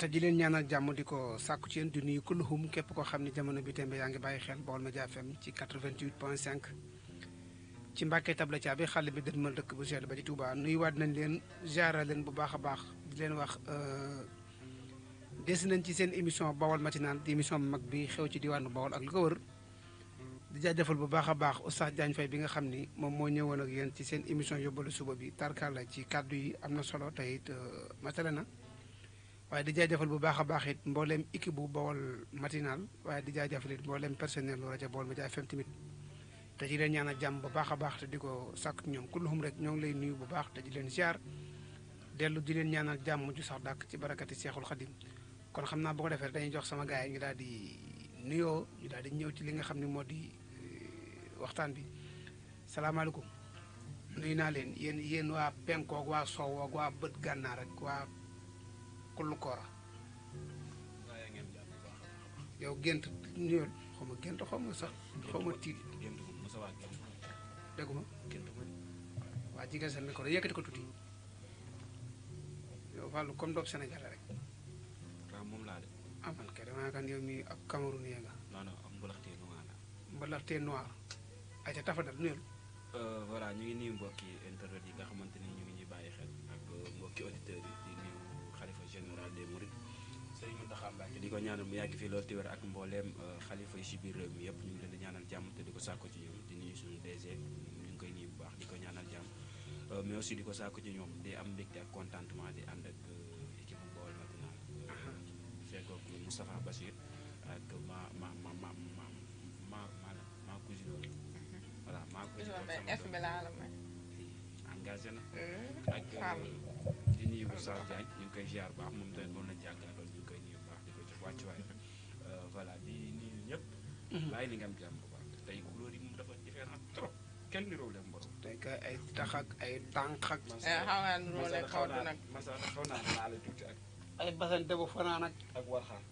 te di leen ñaanal jàmm di ko sàkku ci yéen di nuyu kulluhum képp koo xam ne jamono bi tembe yaa ngi bàyyi xel Baol Média FM ci 88 point 5. ci Mbàkke tabla caa bi xale bi dënmal dëkk bu sell ba di Touba nuyuwaat nañ leen ziara leen bu baax a baax di leen wax euh, des nañ ci seen émission Baol matinale di émission mag bi xew ci diwaanu Baol ak li ko wër. di jaajëfal bu baax a baax Oustaz Diagne Faye bi nga xam ni moom moo ñëwoon ak yéen ci seen émission yóbbalu suba bi tarkala ci kàddu yi am na solo te it euh, matale na. waaye di jaajëfal bu baax a baax it mbooleem équipe bu Baol matinal waaye di jaajëfal it mbooleem personnel rajo Baol Médias FM tamit te di leen ñaanal jàmm bu baax a baax te di ko sàkk ñoom kulluhum rek ñoo ngi lay nuyu bu baax te di leen ziar dellu di leen ñaanal jàmm ju sax dàkk ci barakati cheikhul Xadim kon xam naa bu ko defee dañuy jox sama gaay yi ñu daal di nuyoo ñu daal di ñëw ci li nga xam ne moo di euh, waxtaan bi salaamaaleykum nuyu naa leen yéen yéen waa penkoog waa soowoog waa bët gànnaar ak waa kullu kora yow gent ñëw xawma gent xawma sax xawma tiit gent ko musa wa gent deguma gent ma wa jiga sa micro yëkëti ko tuti yow fallu comme dop sénégal rek ra mom la de amal ah, kay dama kan yow mi ab camerounien nga non non am mbalaxté noir mbalaxté noir ay ta tafa dal ñëw euh voilà ñu ngi ni mbokk yi yi nga xamanteni ñu ngi ñi bayyi xel ak mbokk auditeurs yi général des mourides sëriñ mu taxam Mbacké di ko ñaanal mu yagg fi loolu ti wér ak mbooleem khalifa euh, yi ci biir réew mi yépp ñu ngi leen di ñaanal jàmm te di ko sàkku ci ñoom di nuyu suñu DG ñu ngi koy nuyu bu baax di ko ñaanal jàmm euh, mais aussi di ko sàkku ci ñoom di am mbégte ak contentement di ànd ak euh, équipe Baol Matinal fekkoog Moustapha Bassir ak ma ma ma ma ma ma ma ma cousine mhm. voilà ma cousine engagé na ak di nuyu Oustaz Diagne ñu ngi koy ziar baax moom tamit moom lañ jàkkaarloo ñu ngi koy nuyu baax di ko jox wàccuwaay euh, voilà di nuyu ñëpp. li mhm. nga am jàmm bu baax tey couleur yi moom dafa différent trop kenn niroo leen borom. tey kay ay tax ak ay tànk ak. Eh, xaw naa niroo leen xaw nag masala xaw naa naa la tuuti ak. ay basante bu fanaan ak. ak waxaan.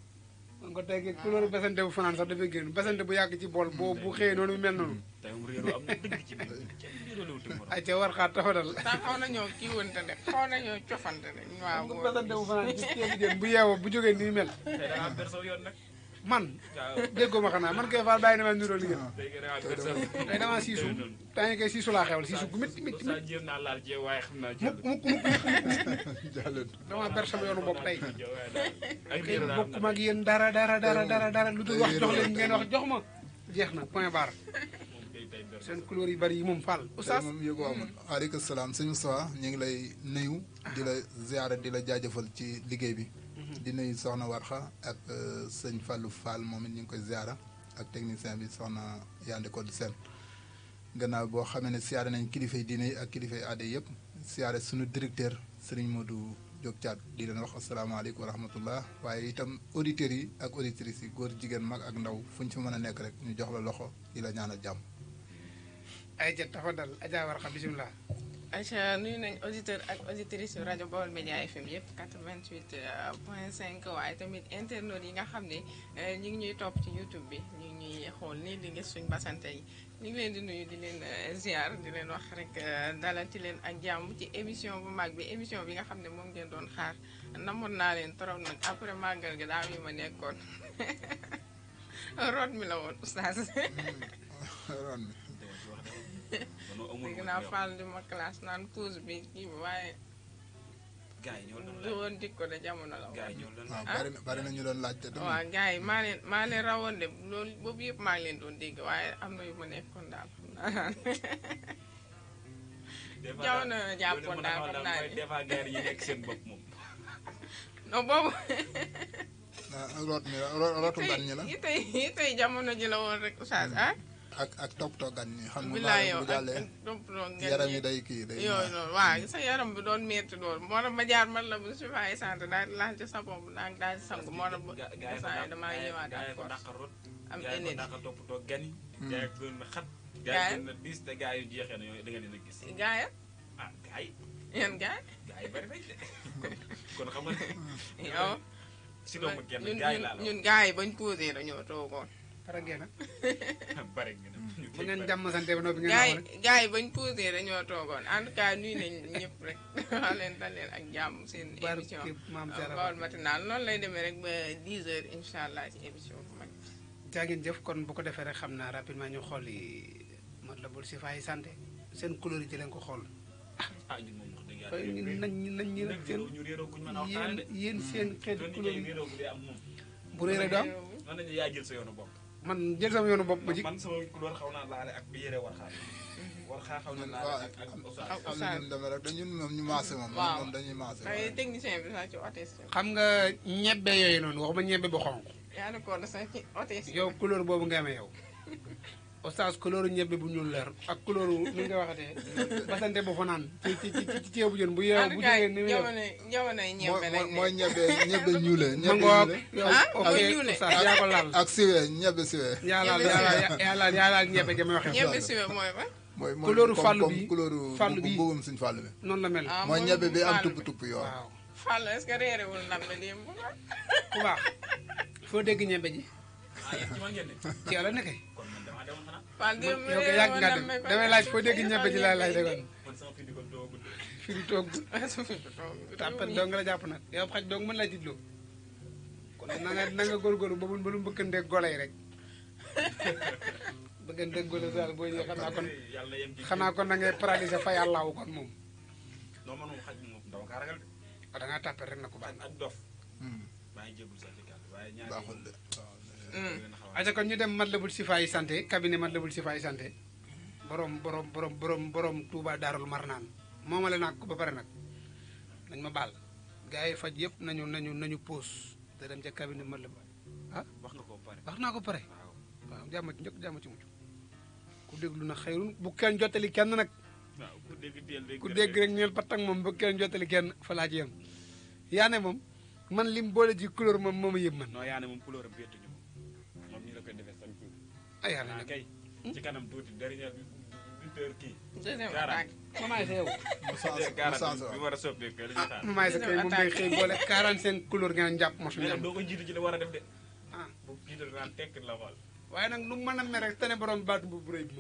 nga tey couleur ah. basante bu fanaan sax dafay génn basante bu yàgg ci bool boo bu xëyee noonu mel noonu. réeroo am na dëgg ci biir kenn réeroo te morom. ayca war xaar taxawal. sax xaw nañoo kii wante de xaw nañoo cofante de. waaw bu yeewoo bu jógee nii mel. tey da am berso man déggoo ma xanaa man kay Fall bàyyi na ma niroo liggéey. Ah. tey damaa siisu taa ngi koy siisu laa xewal siisu gu métti métti métti. jéem naa laal jéem waaye xam naa jéem. mukk mukk mukk damaa ber sama yoonu bopp tey. tey bokkuma ak yéen dara dara dara dara lu dul wax jox leen ngeen wax jox ma jeex na point barre. seen couleur yu bari yi moom Fall. oustaz moom yëg mm. waa man aleykum salaam suñu soix ñu ngi lay nuyu. di la ziara di la jaajëfal ci liggéey bi. Mm-hmm. di nuyu soxna Warxa ak euh, sëñ Fallou Fall moom it ñu ngi koy ziara ak technicien bi soxna Yande Codé Sène. gannaaw boo xamee ne siyaare nañ kilifa yi diine ak kilifa yi aada yëpp siyaare suñu directeur Serigne Modou jog Thiat di leen wax asalaamaaleykum wa rahmatullah waaye itam auditeurs yi ak auditrices yi góor jigéen mag ak ndaw fu ñu mën a nekk rek ñu jox la loxo di la ñaanal jàmm. ay jot tafadal Adja Warkha bisimilah. Aïcha nuy nañ auditeur ak auditrice yu rajo Baol Média FM yëpp 88 euh, point cinq waaye tamit internautes yi nga xam ne euh, ñu ngi ñuy topp ci YouTube bi ñu ngi ñuy xool nii di nga suñ basante yi ñu ngi leen di nuyu di leen euh, ziar di leen wax rek ci leen ak jàmm ci émission bu mag bi émission bi nga xam ne moom ngeen doon xaar namoon naa leen trop nag après màggal gi daaw yi ma nekkoon root mi la woon dégg naa Fall di ma classe naan pause bi kii waaye. gars yi ñoo doon laaj de jamono la. waaw bari na ñu doon laaj te. waaw gars yi maa leen maa leen rawoon de loolu boobu yëpp maa ngi leen doon dégg waaye am na yu ma nekkoon daal xam naa. jamono la daal xam naa ne ñu nekk ah, root mi rootu la. yi tey yi tey jamono ji la woon rek oustaz ah. ak ak toppatoo gan ñi. xam nga bu jàllee yaram yi day kii day. yooyu noonu waaw sa yaram bi doon métti loolu moo tax ma jaar man la bu suffit ay sant daal di laal ci sa bopp daal di sangu moo tax. gaa yi damaa ñëwaat encore am énebe gaa yi ko toppatoo gan yi. Hmm. gaa yi gën na xat. gaa yi gën na diis te gaa yu jeexee na yooyu da nga leen a gis. gaa ya ah gaa yi. yan gaa yi. gaa yi bari nañ de kon xam nga. yow. si doomu kenn gaa yi laa la ñun ñun gaa yi bañ posé dañoo toogoon barangee na. barangee na. bu ngeen mm. jàmm sante ba noppi ngeen. bañ posé dañoo toogoon en tout cas nuyu nañ ñëpp rek wax leen dal leen ak jàmm seen. émission euh, Baol matinal noonu lay demee rek ba 10h allah ci émission bu mag. jaa ngeen kon bu ko defee rek xam naa rapidement ñu xool yi Matlabul Chifa yi santé seen couleur yi ci leen ko xool. ah ñun moom wax dëgg yàlla yéen nañ nañ ñu nag seen yéen yéen seen mm. couleur yi bu réeré doom. jël sa yoonu bopp man jël sama yoonu bopp ba ji. man sama couleur xaw naa laale ak bi yére war xaar. war xaar xaw na laale ak ak oustaz. am na demee rek dañu moom ñu maase moom. waaw moom dañuy maase. waaye technicien bi sax ci otes. xam nga ñebe yooyu noonu waxuma ñebe bu xonq. yaa ngi ko woon sax ci otes. yow couleur boobu nga amee yow. oustaz couleur ñebe bu ñuul leer ak couleur nu nga bu fanaan ci ci bu yeewu bu jógee ni mooy ñebe ñebe ñuule ñebe ah, waxee ñebe foo dégg ñebe ji ah, ci yàlla nekkee waaw yow kay yàgg nga dem damay laaj foo dégg ñebe ji laa laaj rek woon. fii di toog tàppat dong la jàpp nag yow xaj dong mën laa jubloo kon na nga na nga góorgóorlu ba mu ba mu bëkkanteeg golo yi rek bëkkanteeg golo yi yàlla boo ñëwee xam naa kon xanaa kon na ngay paralysé fa yàllaawu kon moom. non man moom ah, rek na ko baax ak dof. Hmm. maa ngi jégalu waaye Mm. aja kon ñu dem madlabul sifaay santé cabinet madlabul sifaay santé borom borom borom borom borom touba darul marnan momale nak ba paré nak nañ ma bal, gaay faj yépp nañu nañu nañu pause da dem ci cabinet madlab ah wax nga ko paré wax na ko paré waaw jamm ci njëkk jamm ci muccu ku déglu na xayrun bu kenn jotali kenn nag ku dégg rek ñeel patak mom bu kenn jotali kenn fa laa ci yem yaa ne man lim boole ji couleur mom mom yëpp man no yaane mom couleur am ay xale la kay. ci kanam tuuti dernière bi huit heures kii. deuxième attaque mamaay a soppeeku kay dañuy xaar. mamaay sa kay doo ko jiitu ci de. ah la xool. waaye nag lu mu mën a mere rek te ne borom baatu bu bu rëy bi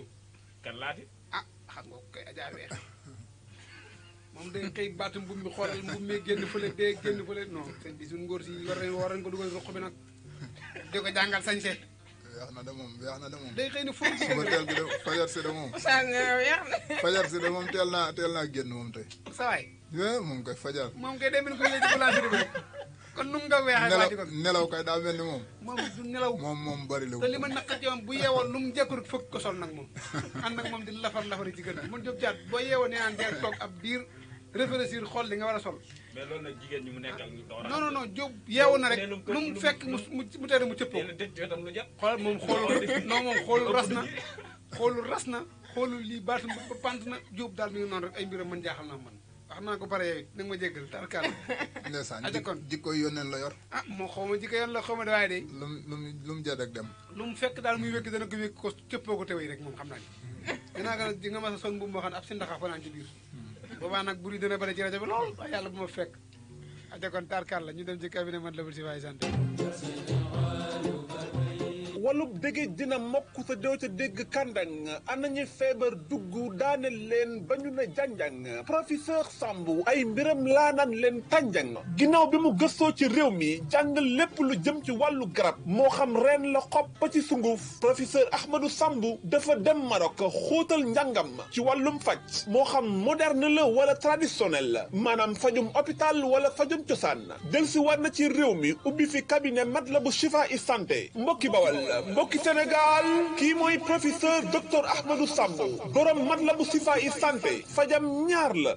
kan laati. ah xam nga kay Adja Weex moom day xëy baatu mbubb mi xoolal mbubb mi génn fële dee génn fële non seen bi suñu ngóor si war nañ ko dugal roq bi nag di ko jàngal sañse weex na de moom weex na de moom. day xëy na foofu suba fajar si de moom. saa nga weex fajar si de moom teel naa teel naa génn moom tey. sa waay. moom koy fajar. moom koy dem ko léegi bu kon nu nga weexee waati ko nelaw kay daa mel ni moom. moom du moom moom bëri la. te li ma naqar ci moom bu yeewoon lu mu jëkkurut fëkk ko sol nag moom. ànd moom di lafar lafari ci gën a. man Diop Diagne boo yeewoon nee naan deel toog ab diir réfléchir xool li nga war a sol mais loolu nag jigéen ñi mu na rek lu mu fekk mu mu tere mu cëppoo xool moom xoolul non moom xoolul ras na xoolul ras na xoolul lii baatum ba pant na Diop daal mi ngi noonu rek ay mbiram man jaaxal naa man wax naa ko pare yow it nanga ma jéggal tarkaal ndeysaan ko jikko yónneen la yor ah moo xaw ma jikko yoon la xaw ma waaye de lu mu lu dem lu mu fekk daal muy wékk dana ko wékk ko cëppoo ko tewey rek moom xam naa ni nga mas a son bu moo xam ne ab si ndaxa fanaan ci boobaa nag buri dina bëri ci rajo bi lool waaye yàlla bu fekk aja kon kaar la ñu dem ci cabinet man la bul si waay sant walub dégg dina mokk sa déw ca dégg kàndang ana ñi feebar dugg daane leen ba ñu ne jànjang professeur Samb ay mbiram laanaan leen tànjang ginnaaw bi mu gëstoo ci réew mi jàng lépp lu jëm ci wàllu garab moo xam reen la xob ba ci sunguf professeur Ahmadou Samb dafa dem Maroc xootal njàngam ci wàllum faj moo xam moderne la wala traditionnel la maanaam fajum hôpital wala fajum cosaan delsi war na ci réew mi ubbi fi cabinet mat la bu Chifa i santé mbokki bawal mbokki Sénégal kii mooy professeur docteur Ahmadou Samb borom matlabu sifa yi santé fajam ñaar la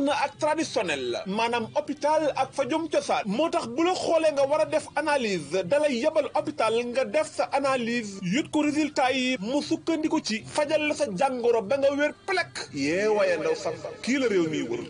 na ak traditionnel la maanaam hôpital ak fajum cosaan moo tax bu la xoolee nga war a def analyse dalay yebal hôpital nga def sa analyse yut ko résultat yi mu sukkandiku ci fajal la sa jàngoro ba nga wér plek yee waaye ndaw Samb kii la réew miy wër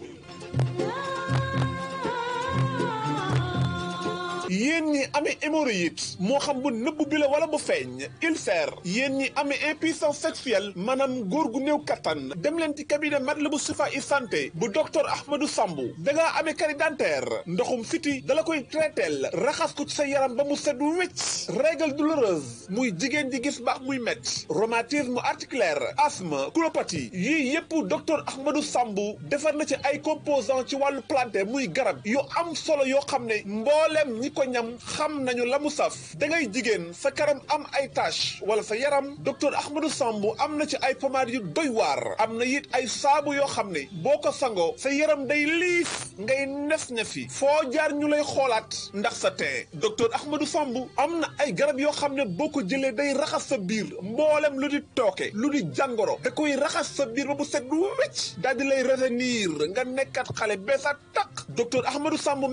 yéen ñi amee hémorroïdes moo xam bu nëbb bi la wala bu feeñ ulcère yéen ñi amee impuissance sexuelle maanaam góor gu néew kattan dem leen ci cabinet Matlaboul Chifa'i santé bu docteur Ahmadou Sambou dangaa amee carie dentaire ndoxum siti dala koy traiteel raxas ko ci sa yaram ba mu set wecc règle douloureuse muy jigéen ji gis baax muy métti rhumatisme articulaire asthme colopathie yii yépp docteur Ahmadou sambu defar na ci ay composant ci wàllu planté muy garab yu am solo yoo xam ne mbooleem ñi ko ñam xam nañu la mu saf da ngay jigéen sa karam am ay tache wala sa yaram docteur Ahmadou Samb am na ci ay pomade yu doy waar am na it ay saabu yoo xam ne boo ko sangoo sa yaram day liis ngay nef ne fi foo jaar ñu lay xoolaat ndax sa tee docteur Ahmadou Samb am na ay garab yoo xam ne boo ko jëlee day raxas sa biir mboolem lu di tooke lu di jàngoro da koy raxas sa biir ba bu set wécc daal di lay revenir nga nekkat xale beesa taq docteur Ahmadou Samb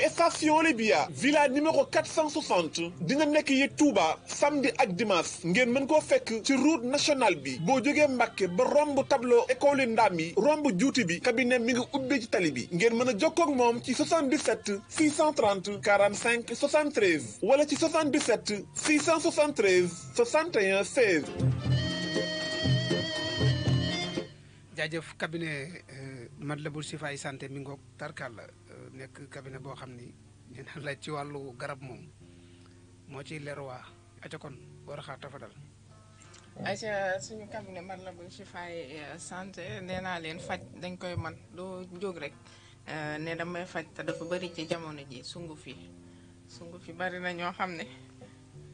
yow station li biya villa numéro 460 dina nekk yi Touba samedi ak dimaas ngeen mën koo fekk ci route national bi boo jógee Mbàkke ba romb tableau école yi ndaam yi romb juuti bi cabinet mi ngi ubbee ci tali bi ngeen mën a jokkoo ak moom ci 77 630 45 73 wala ci 77 673 61 16. jaajëf cabinet euh, Matlaboul Chifayi santé mi ngoog tarkal la nekk cabinet boo xam ni nee na laaj ci wàllu garab moom moo ciy leeruwaa aca kon war a xaar tafa dal ayca suñu cabinet man la bu Chifaay euh, santé nee naa leen faj dañ koy man doo jóg rek euh, ne damay faj te dafa bëri ci jamono ji sunguf yi sunguf bari na ñoo xam ne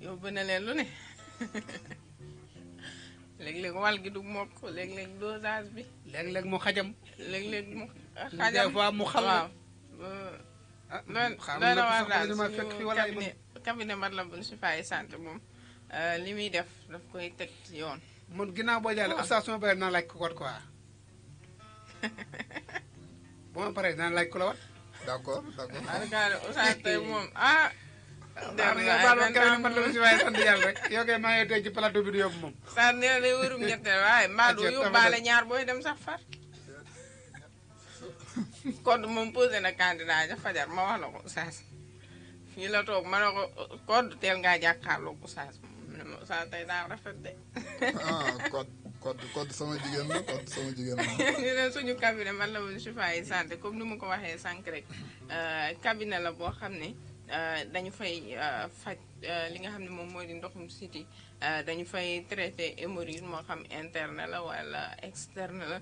yóbbu na leen lu ne léeg-léeg wàll gi du mokk léeg-léeg dosage bi. léeg-léeg mu xajam. léeg-léeg mu xajam Ah, loolu loolu war daal suñu cabinet cabinet si Chifaay santé moom euh, li muy def daf koy teg ci yoon. man ginnaaw boo jàllee oustaz suma paree dinaa laaj ko ko la wat. d' accord d' accord. oustaz tey moom ah. déet waay man man kay man la si waaye sant yàlla rek yow kay maa ngi tey ci plateau bi du yóbbu moom. saa ne la wërum ñetteel waaye Madou yóbbaale ñaar booy dem sax far. code moom posé na candidat ja fajar ma wax la ko fii la toog ma ne ko code teel ngaa jàkkaarloo ko oustaz moom oustaz tey daal rafet de. ah code code code sama jigéen la code sama jigéen suñu cabinet man la woon Chifa yi comme ni ma ko waxee sànq rek euh, cabinet la boo xam ne euh, dañu fay euh, faj li nga xam ne moom mooy di ndoxum siti dañu fay traité hémorroïde moo xam interne la wala externe la.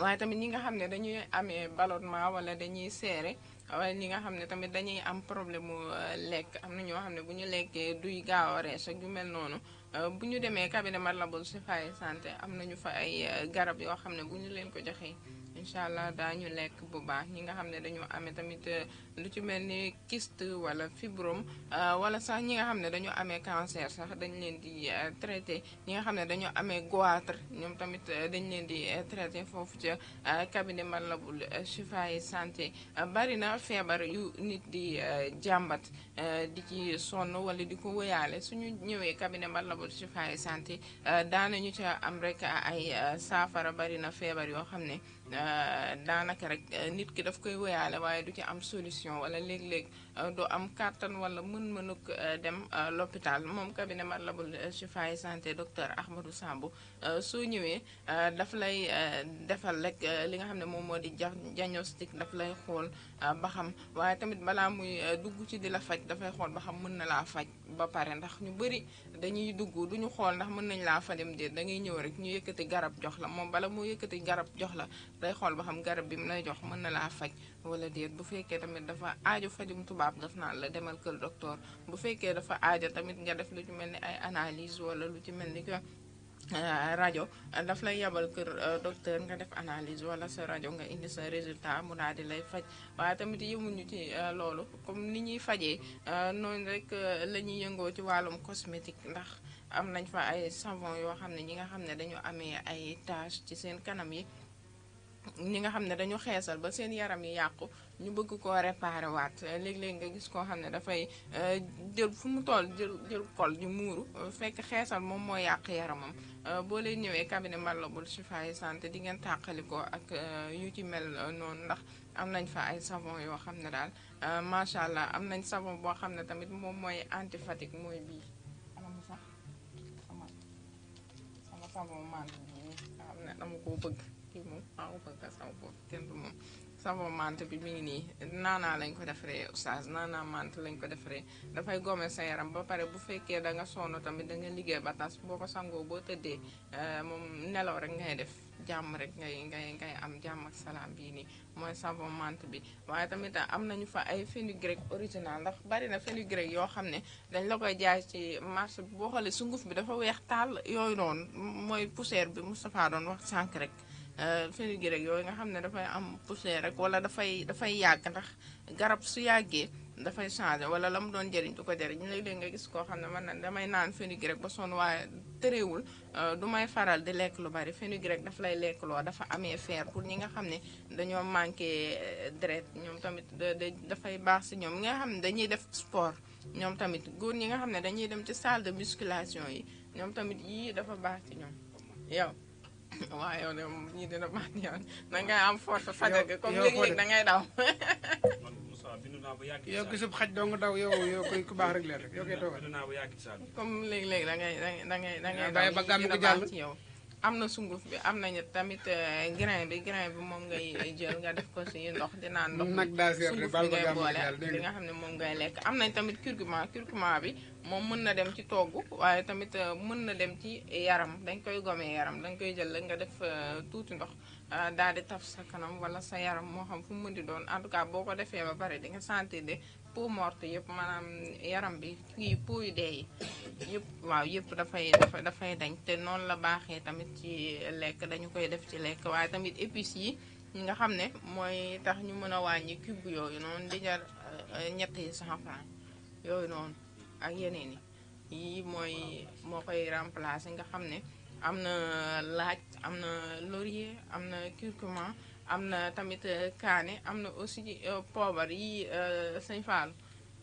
waaye tamit ñi nga xam ne dañuy amee ballonnement wala dañuy seere wala ñi nga xam ne tamit dañuy am problème mu euh, lekk am na ñoo xam ne bu ñu lekkee duy gaaw a rees ak yu mel noonu euh, bu ñu demee cabinet Matlaboul Chifa'i santé am nañu fa ay euh, garab yoo xam ne bu ñu leen ko joxee incha allah daañu lekk bu baax ñi nga xam ne dañu amee tamit euh, lu ci mel ni kist wala fibrome euh, wala sax ñi nga xam ne dañu amee cancer sax dañ leen di euh, traité ñi nga xam ne dañu amee goitre ñoom tamit dañ leen di traité foofu ca cabinet Matlaboul yi santé bari na feebar yu nit di jàmbat di ci sonn wala di ko wëyaale ñu ñëwee cabinet Matlaboul Chifayi santé daanañu ca am rek ay saafara bari na feebar yoo xam ne Euh, daanaka rek euh, nit ki daf koy woyaale waaye du ci am solution wala léeg-léeg euh, du am kàttan wala mën-mënuk dem l'hôpital moom cabinet Matlabul Chifaay santé docteur Ahmadou Sambou soo ñëwee daf lay defal rek li nga xam ne moom moo di diagnostic daf lay xool ba xam waaye tamit balaa muy dugg ci di la faj dafay xool ba xam mën na laa faj ba pare ndax ñu bëri dañuy dugg duñu xool ndax mën nañ laa fajam déet da ngay ñëw rek ñu yëkkati garab jox la moom bala moo yëkkati garab jox la xool ba xam garab bi mu lay jox mën na laa faj wala déet bu fekkee tamit dafa aajo fajum tubaab daf naan la demal kër doctor bu fekkee dafa aajo tamit nga def lu ci mel ni ay analyse wala lu ci mel ni que euh, rajo daf lay yabal kër euh, docteur nga def analyse wala sa rajo nga indi sa résultat mu daal di lay faj waaye tamit yëmuñu ci euh, loolu comme ni ñuy fajee noonu rek la ñuy yëngoo ci wàllum cosmétique ndax am nañ fa ay savon yoo xam ne ñi nga xam ne dañu amee ay tache ci seen kanam yi ñi nga xam ne dañu xeesal ba seen yaram yi yàqu ñu bëgg ko réparé waat léeg-léeg nga gis koo xam ne dafay euh, jël fu mu toll jël jël kol di muuru fekk xeesal moom moo yàq yaramam euh, boo leen ñëwee cabinet Matlaboul yi santé di ngeen tàqalikoo ak euh, yu ci mel noonu ndax am nañ fa ay savon yoo xam ne daal macha allah am nañ savon boo xam ne tamit moom mooy antifatigue mooy bii am sax xam ne dama koo bëgg kii moom aw bëgg sama bopp kenn du moom sama mante bi mi ngi nii naanaa lañ ko defaree oustaz naanaa mante lañ gome sa yaram ba pare bu fekkee da sono, sonn tamit da nga liggéey ba tas boo ko sangoo boo tëddee moom nelaw rek ngay def jàmm rek ngay ngay ngay am jàmm ak salaam bii nii mooy savon menthe bi waaye tamit am nañu fa original ndak bari na fenugrec yoo xam ne dañ la koy jaay ci marché bi boo xoolee sunguf bi dafa weex tàll yooyu noonu bi Euh, fenugreek rek yooyu nga xam ne dafay am poussière rek wala dafay dafay yàgg ndax garab su yàggee dafay changé wala la mu doon jëriñ du ko jëriñ léeg-léeg nga gis koo xam ne man damay naan fenugreek rek ba sonn waaye tëréewul euh, du may faral di lekk lu bari fenugreek rek daf lay lekk dafa amee fer pour ñi nga xam ne dañoo manqué euh, deret ñoom tamit dafay baax si ñoom ñi nga xam ne dañuy def sport ñoom tamit góor ñi nga xam ne dañuy dem ci salle de yi ñoom tamit yii dafa baax ci ñoom yow waaw yow de ñii dina baax yoon na ngay am force fajar gi comme léeg-léeg da ngay daw. yow gisub xaj doo nga daw yow yow koy ku baax rek leer rek yow koy toogal. comme léeg-léeg da ngay da ngay da ngay daw. bàyyi ba gàmm gi jàll am na sunguf bi am nañu tamit euh, grain bi grain bi moom ngay jël nga def ko si ndox di naan ndox sunguf bi ngay boole ak li nga xam ne moom ngay lekk am nañ tamit curcuma curcuma bi moom mën na dem ci togg waaye tamit euh, mën na dem ci yaram dañ koy gome yaram dañ koy jël nga def euh, tuuti ndox daal di taf sa kanam wala sa yaram moo xam fu mu mën di doon en tout cas boo ko defee ba pare di nga sentir de peau morte yëpp maanaam yaram bi kii peau yu dee yi yëpp waaw yëpp dafay dafay dañ te noonu la baaxee tamit ci lekk dañu koy def ci lekk waaye tamit épices yi nga xam ne mooy tax ñu mën a wàññi cube yooyu noonu di jar euh, ñett yi cent yooyu noonu ak yeneen yi mooy moo koy remplacer nga xam ne am na laaj am na laurier am na curcuma am na tamit euh, kaane am na aussi euh, poobar yi euh, sëñ Fall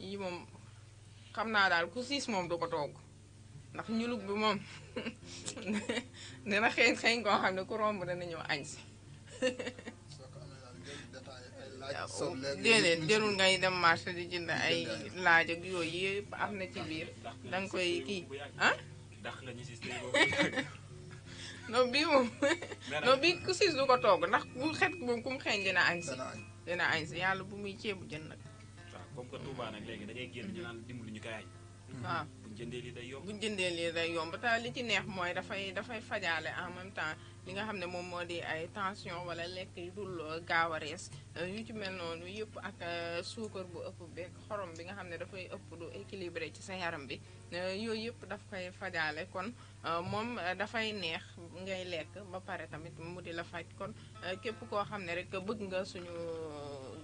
yi moom xam naa daal ku siis moom du ko togg ndax ñulug bi moom dina xëy xëy koo xam ne ku romb dana ñëw añ si déedéet jërul ngay dem marché di jënd ay laaj ak yooyu yëpp am na ci biir danga koy kii ah? non bii moom non bii ku siis du ko togg ndax bu xet moom ku mu xeeñ dina añ si dina añ yàlla bu muy ceebu jën nag waaw kom que Touba nag léegi da ngay génn ñu naan dimbali ñu koy añ waaw ah. buñ jëndee lii day yomb buñ jëndee lii day yomb li ci neex mooy dafay dafay fajaale en même temps li nga xam ne moom moo di ay tension wala lekk yu dul gaaw a rees euh, yu ci mel noonu yëpp ak euh, suukar bu ëpp beeg xorom bi nga xam ne dafay ëpp du équilibré ci sa yaram bi euh, yooyu yëpp daf koy fajaale kon moom dafay neex ngay lekk ba pare tamit mu di la faj kon képp koo xam ne rek bëgg nga suñu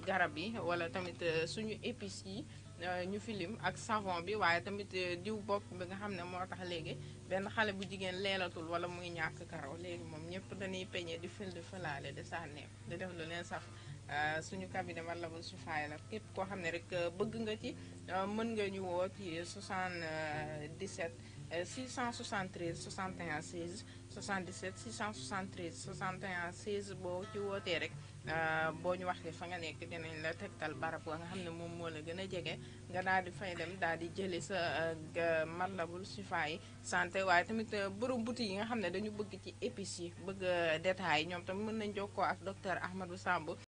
garab yi wala tamit suñu épices yi Euh, ñu filim ak savon bi waaye tamit euh, diw bopp bi nga xam ne moo tax léegi benn xale bu jigéen leelatul wala muy ñàkk karaw léegi moom ñëpp dañuy peñe di fil di fëlaale di sànnee di def la leen saf euh, suñu walla Madlabul Chifaaya la képp koo xam ne rek bëgg nga ci mën nga ñu woo ci 77 673 61 16 77 673 61 16 boo ci wootee rek. Euh, boo ñu waxee fa nga nekk dinañ la tegtal barab wa nga xam ne moom moo la gën a jege nga daal di fay dem daal di jëli sa euh, matlabul sifaa yi santé waaye tamit euh, borom boutique yi nga xam ne dañu bëgg ci épices yi bëgg détails ñoom tamit mën nañ jokkoo ak docteur Ahmadou Samb